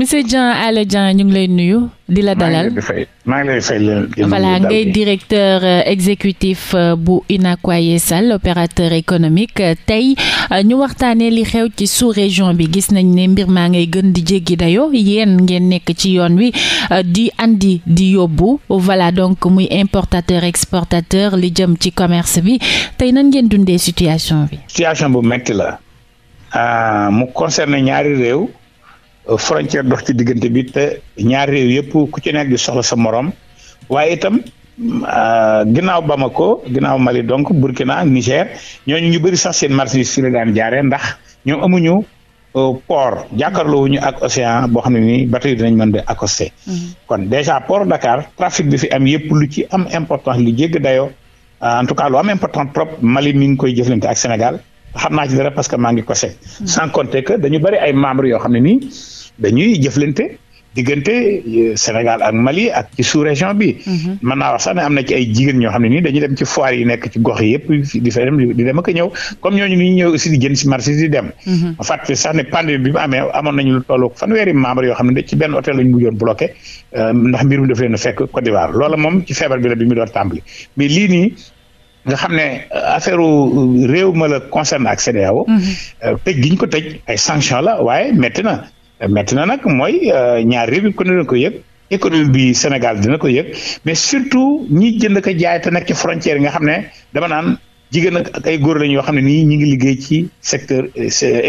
monsieur Dieng Alla Dieng ñu ngi lay nuyu di la dalal maa voilà ngay directeur euh, exécutif euh, bu Unacois Yessal opérateur économique euh, tey ñu waxtaanee li xew ci sous région bi gis nañ ne mbir maa ngay gën di jéggi dayoo yéen ngeen nekk ci yoon wi di andi di yóbbu voilà donc muy importateur exportateur li jëm ci commerce bi tey nan ngeen dundee situation bi. situation bu metti la mu concerné ñaari réew. frontière dox ci diggante bi te ñaar réew yëpp ku ci nekk di soxla sa morom waaye itam euh, ginnaaw Bamako ginnaaw Mali donc Burkina Niger ñooñu ñu bëri sax seen marchandise fi la daan jaaree ndax ñoom amuñu euh, port jàkkaarloo wuñu ak océan boo xam ne ni bateau yi dinañ mën di accosté. Mm-hmm. kon déjà port Dakar trafic bi fi am yëpp lu ci am important lu jégg dayo en tout cas lu am important trop Mali mi ngi koy jëflante ak Sénégal. xam naa ci dara parce que maa ngi ko seet. sans que dañu bëri ay membres yoo xam ne nii dañuy jëflante diggante euh, Sénégal ak Mali ak ci sous région bi. Mhm. mën naa wax sax ne am na ci ay jigéen ñoo xam ne nii dañuy dem ci foire yi nekk ci gox yi yëpp di fa dem ñëw comme ñooñu ni ñëw aussi di jënd si marché di dem. Mhm. ma fàttali sax ne pandémie bi mu amee amoon nañu lu toll fanweeri membre yoo xam ne ci benn hôtel lañu mujjoon bloqué euh, ndax mbir mi daf leen fekk Côte d'Ivoire loola moom ci feebar bi bi mu doon tàmbali nga xam ne euh, affaire euh, réew ma la concerne ak CEDEAO mm-hmm. euh, tëj gi ñu ko tëj ay sanction la waaye métti na métti na nag mooy ñaar réew yi ko dina ko yëg économie bi Sénégal dina ko yëg mais surtout ñi jënd ko jaay te nekk ci frontière yi nga xam ne dama naan jigéen nag ay góor lañ yoo xam ne nii ñu ngi liggéey ci secteur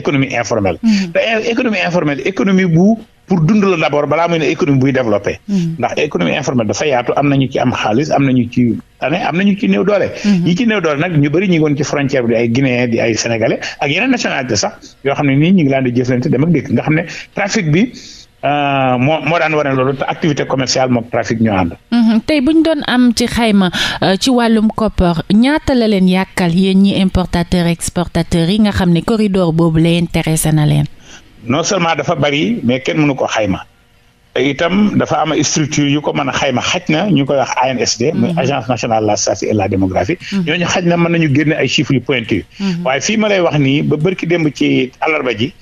économie informelle mm-hmm. te économie informelle économie bu pour dund la d' abord balaa muy ne économie buy développé. Mm-hmm. ndax économie informelle dafa yaatu am na ñu ci am xaalis am na ci am na ci néew doole. Mm-hmm. ñu bëri ñu ngi woon ci frontière bi di ay Guinéen di ay sénégalais ak yeneen nationalité sax yoo xam ne nii ñu ngi laan di jëflante dem ak dikk nga xam ne trafic bi. Euh, moo moo daan wane loolu te activité commerciale moom trafic ñu ànd. Mm-hmm. tey bu doon am ci xayma euh, ci wàllum koppar ñaata la leen yàkkal yéen ñi importateur yi nga xam non seulement dafa bari mais kenn mënu ko xayma te itam dafa am structure yu ko mën a xayma xaj na ñu koy wax ANSD. muy mm-hmm. agence nationale de la statistique et la démographie. Mm-hmm. ñooñu xaj na mën nañu génne ay chiffres yu pointus. Mm-hmm. waaye fii ma lay wax nii ba bërki démb ci àllarba ji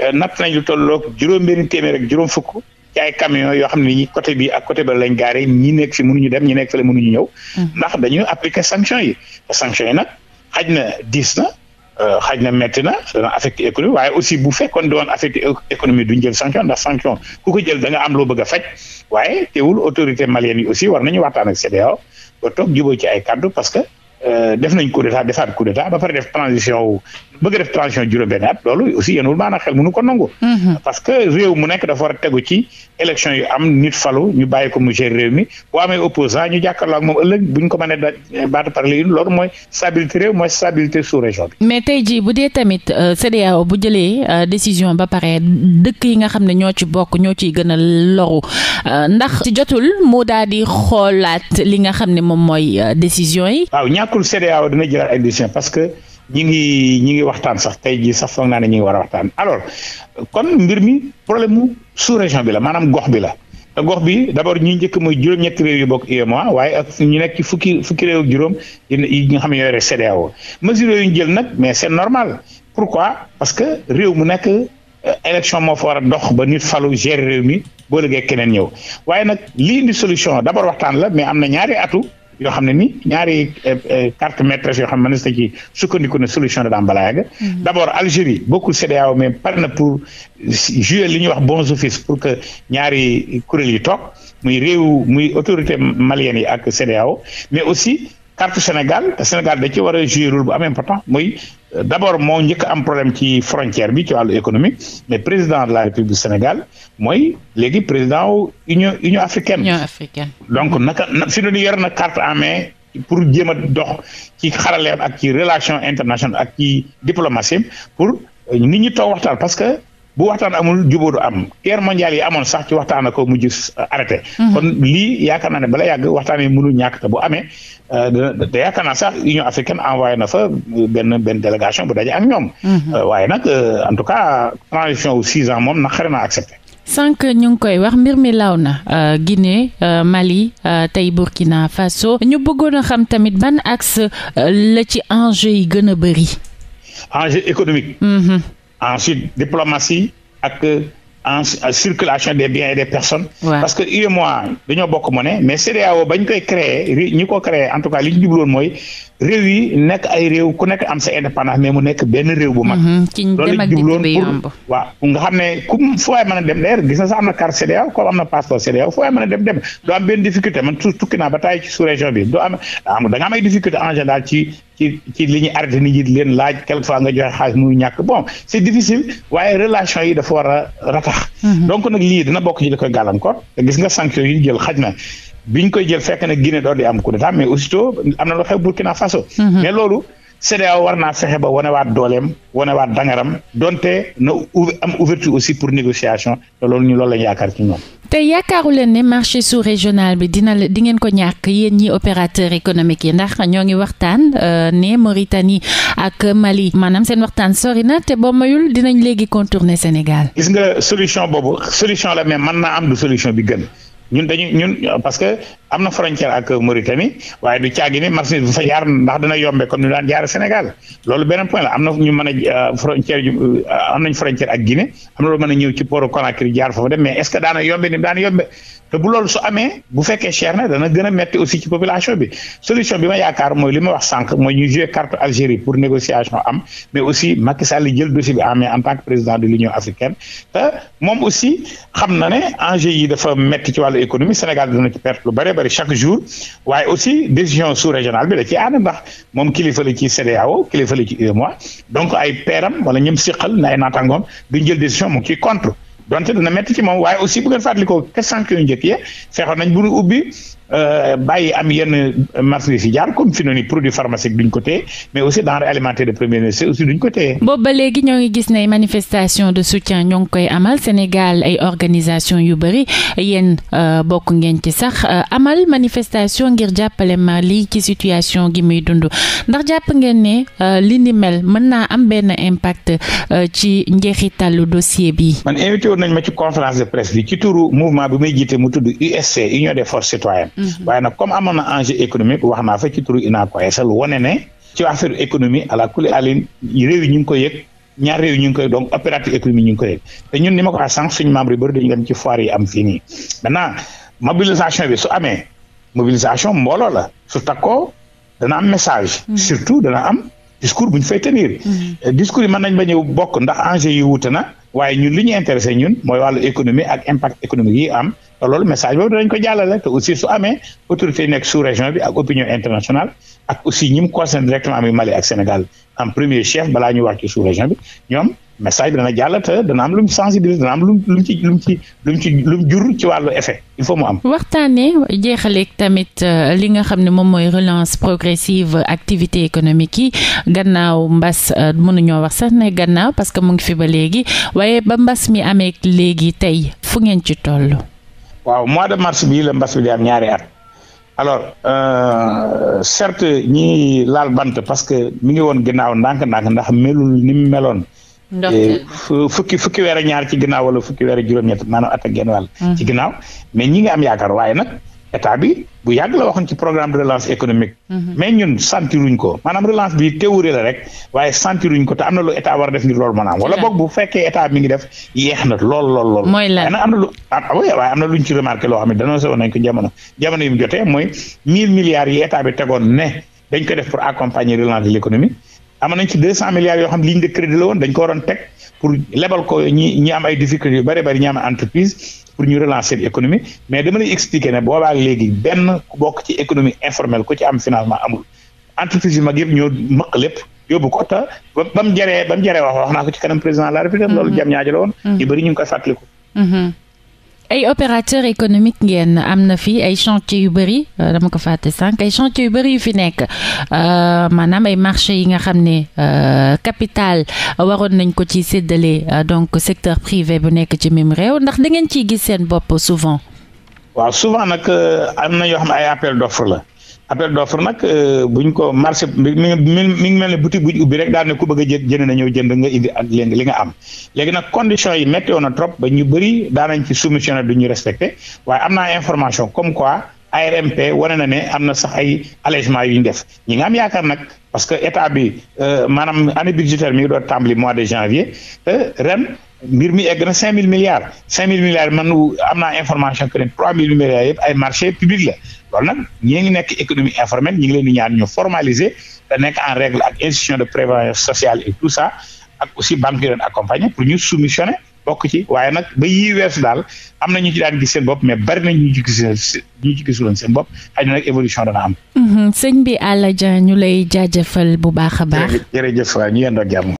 eh, natt nañ lu tolloog juróom-benn téeméer ak juróom fukk. ci ay camion yoo xam ne ñi côté bi ak côté ba lañ gaare ñi nekk fi mënuñu dem ñi nekk fële mënuñu ñëw. ndax dañu appliquer sanction yi sanction yi nag xaj na diis na. Euh, xaj na métti na dana affecté économie waaye aussi bu fekkoon doon affecté économie duñ jël sanction ndax sanction ku ko jël danga nga am loo bëgg a faj waaye teewul autorité malienne yi aussi war nañu waxtaan ak CEDEAO ba toog jubóo ci ay kaddu parce que euh, def nañ coup d'état defaat coup d'état ba pare def transition wu bëgg def transition juróom-benn at loolu aussi yéenul maanaam xel mënu ko nangu. Mhm. parce que réew mu nekk dafa war a tegu ci élection yu am nit falu ñu bàyyi ko mu gérer réew mi boo amee opposant ñu jàkkaarloo ak moom ko mënee da baatu par léegi loolu mooy stabilité réew mooy stabilité sous région bi. mais tey jii bu dee tamit euh, CEDEAO bu jëlee euh, décision ba pare dëkk yi nga xam ne ñoo ci bokk ñoo ciy gën a loru euh, ndax ci jotul mu daal di xoolaat li nga xam ne moom mooy décision yi. waaw ñàkkul CEDEAO dina jëlaat ay décision parce que. ñi ngi ñi ngi waxtaan sax tey jii sax foog naa ne ñi ngi war a waxtaan alors kon mbir mi problème mu sous région bi la maanaam gox bi la te gox bi d' abord ñi njëkk mooy juróom-ñetti réew yu bokk UEMOA waaye ak ñu nekk ci fukki fukki réew ak juróom yi nga xam ne yore CEDEAO mesure yooyu jël nag mais c' est normal pourquoi parce que réew mu nekk euh, élection moo fa war a dox ba nit falu gérer réew mi boo liggéey keneen ñëw waaye nag lii indi solution d' abord waxtaan la mais am na ñaari atu yoo xam ne ni ñaari eh, eh, carte maîtresse yoo xam ne mënees na ci sukkandiku na solution de Dambalaye mm-hmm. d' abord Algérie bokkul CEDEAO mais pare na pour jouer li ñuy wax bons offices pour que ñaari kuréel yi toog muy réew muy autorité malienne yi ak CEDEAO mais aussi carte Sénégal te Sénégal da ci war a jouer rôle bu am important muy euh, d' abord moo njëkk am problème ci frontière bi ci wàllu économie mais président de la République du Sénégal mooy léegi président union union africaine. union africaine. donc naka fi mu yor na carte en main pour jéem a dox ci xaraleem ak ci relation internationale ak ci diplomatie pour euh, nit ñi toog waxtaan parce que. bu waxtaan amul jubóo du am guerre mondiale yi amoon sax ci waxtaan a ko mujj arrêté. Mhm. kon lii yaakaar naa ne bala yàgg waxtaan yi mënul ñàkk te bu amee euh, te yaakaar naa sax Union africaine envoyé na fa benn benn délégation bu daje ak ñoom. Mhm. Euh, waaye nag euh, en tout cas transition wu six ans moom na xare naa accepté. sànq ñu ngi koy wax mbir mi laaw na Guinée Mali tey Burkina Faso ñu bëggoon a xam tamit ban axe la ci enjeu yi gën a bëri. enjeu économique. Mhm. ensuite diplomatie ak en euh, circulation des biens et des personnes. Ouais. parce que UEMOA dañoo bokk monnaie mais CEDEAO bañ koy créer ñi ko créer en tout cas li ñu jubloon mooy. réew yi nekk ay réew ku nekk am sa indépendance mais mu nekk benn réew bu mag. Mhm, loolu lañ jubloon pour waaw nga xam ne ku foo mën a dem d'ailleurs gis na sax am na carte a dem dem doo am benn difficulté man su tukki naa ba taay ci sous région bi doo am da nga am ay difficulté en général ci ci ci li ñuy arrêté nit ñi di leen laaj quelque fois nga joxe xaalis muy ñàkk bon c'est difficile waaye relation yi dafa war a ratax. Mhm. donc nag lii dina bokk ci li koy gàllankoor gis nga sanctions yi jël xaj na. biñ koy jël fekk na Guinée doon di am coup d'état mais aussitôt am na lu xew Burkina Faso. Mhm. mais loolu CEDEAO war naa fexe ba wanewaat dooleem wanewaat dangaram donte na am ouverture aussi pour négociation loolu ñu lool lañ yaakaar ci ñoom. te yaakaaru leen ne marché sous régional bi dina la di ko ñàkk yéen ñi opérateur économique yi ndax ñoo ngi waxtaan euh, ne Mauritanie ak Mali maanaam seen waxtaan sori na te boo mayul dinañ léegi contourner Sénégal. gis nga solution boobu solution la mais mën naa am du solution bi gën. ñun dañuy ñun parce que am na frontière ak Mauritanie waaye du caagi ni bu fa jaar ndax dina yombe comme ni daan jaar Sénégal loolu beneen point la am na ñu mën a euh, frontière euh, am nañ frontière ak Guinée am na lu mën ñëw ci port Conakry jaar foofu dem mais est-ce que daana yombe ni daana yombe te bu loolu su amee bu fekkee cher na dana gën metti aussi ci population bi solution bi ma yaakaar mooy li wax sànq mooy ñu jouer carte Algérie pour négociation am mais aussi Macky Sall jël bëri chaque jour waaye aussi décision sous régionale bi la ci ànd ndax moom kilifa ci CEDEAO kilifa la ci UEMOA donc ay peeram wala ñoom siqal na ay naataangoom jël décision mu ciy contre donte dana métti moom waaye aussi bu ngeen fàttalikoo question yu njëkk yee fexoon nañ bu ubbi Euh, bàyyi am yenn marchandise yi jaar comme fi noonu produit pharmaceutique duñ ko téye mais aussi denrée alimentaire de première nécessité aussi duñ ko téye. boobu ba léegi ñoo ngi gis ne manifestation de soutien ñoo ngi koy amal Sénégal ay organisation yu bëri yéen euh, bokk ngeen ci sax euh, amal manifestation ngir jàppale Mali ci situation gi muy dund ndax jàpp ngeen ne li ni mel mën naa am benn impact ci njeexitalu dossier bi. man invité woon nañ ma ci conférence de bi ci turu mouvement bi may jiite mu tudd USC Union des forces citoyennes. Mm-hmm. waaye nag comme amoon na enjeu économique wax ci turu UNACOISL wane ne ci affaire économie ala kulli alin réew yi koy yëg ñaar réew yi koy donc opérative économie ñu koy yëg te ñun ni ma ko a sànq suñu membre yi bëri dañu dem ci foire yi am fii nii maintenant mobilisation bi su amee mobilisation mbooloo la su takkoo dana am message mm-hmm. surtout dana am discours bu ñu fay tenir mm-hmm. discours yi mën nañ ba ñëw bokk ndax enjeu yi wute waaye ñun li ñu intéressé ñun mooy wàllu économie ak impact économique yi am te loolu message boobu dañ ko jàllale te aussi su amee autorité nekk sous région bi ak opinion internationale ak aussi ñi mu concerne directement muy Mali ak Sénégal en premier chef balaa ñu wax ci sous région bi ñoom message bi dana jàll te dana am lu mu sensibiliser dana am mu ci lu mu ci lu mu ci lu mu jur ci wàllu effet il faut mu am. waxtaanee jeexaleek tamit euh, li nga xam ne moom mooy relance progressive activité économique yi gannaaw mbas euh, mënuñoo wax sax ne gannaaw parce que mu ngi fi ba léegi waaye ba mbas mi amee léegi tey fu ngeen ci toll. waaw mois de mars bii la mbas bi di am ñaari at. alors euh, certes ñi laal bant parce que mu ngi woon ginnaaw ndànk-ndànk ndax melul ni mu meloon. Eh, fukki fukki weer ak ñaar ci ginnaaw wala fukki weer ak juróom-ñett maanaam at ak genn wàll mm. ci ginnaaw mais ñi am yaakaar waaye nag état bi bu yàgg la waxoon ci programme de relance économique mm-hmm. mais ñun sentiruñ ko maanaam relance bi théorie rek waaye sentiruñ ko te am na lu état war a def ngir loolu maanaam wala boog bu fekkee état mi ngi def yeex na lool lool lool mooy lan am na lu ah, ah, waaye am na luñ ci remarqué loo xam ne danoo nañ ko jamono jamono am nañ ci deux cent milliards yoo xam ligne de crédit la woon dañ ko waroon teg pour lebal ko ñi ñi am ay difficultés yu bëri bëri ñi am entreprise pour ñu relancer l'économie mais dama lay expliquer ne boobaa léegi benn ku bokk ci économie informelle ku ci am financement amul entreprise yu mag yëpp ñoo mëq lépp yóbbu ko ta ba mu jëree ba mu jëree wax wax naa ko ci kanam président de la république loolu mm-hmm. jam ñaajo la woon mm-hmm. yu bëri ñu koy fàttaliku mm-hmm. ay opérateur économique ngeen am na fi ay chantier yu bëri euh, dama ko fàtte sànq ay chantier yu bëri yu fi nekk euh, maanaam ay marché yi nga xam ne euh, capital waroon nañ ko ci séddale donc secteur privé bu nekk ci même réew ndax da ngeen ciy gis seen bopp souvent waaw souvent nag am na yoo xam ne ay appel d'offre la appel d'offre nag euh, buñ ko marché mi ngi mel ne boutique buñ ubbi rek daal ne ku bëgg a jë jënd na ñëw jënd nga indi ak li nga am léegi nag condition yi méttéo na trop ba ñu bëri daanañ ci soumissionné du ñu respecté waaye am naa information comme quoi ARMP wane na ne am na sax ay allègements yu ñu def ñi nga am yaakaar nag parce que état bi euh, maanaam année budgétaire mi ngi doon tàmbali mois de janvier ren mbir mi egg cinq mille milliards cinq mille milliards man am naa information que ne trois mille milliards ay marché public la loolu nag ñii ngi nekk économie informelle ñi ngi leen di ñaan ñu formaliser te nekk en règle ak institution de prévoyance sociale et tout ça ak aussi banque yi pour ñu soumissionner bokk ci waaye nag ba yii weesu daal am na ñu ci daan gis seen bopp mais bari na ñu ci gis ñu ci gisuloon seen bopp xëy na nag évolution dana am. Mhm, sëñ bi Alla Dia ñu lay jaajëfal bu baax a baax. jërëjëf ñu yendoo jàmm.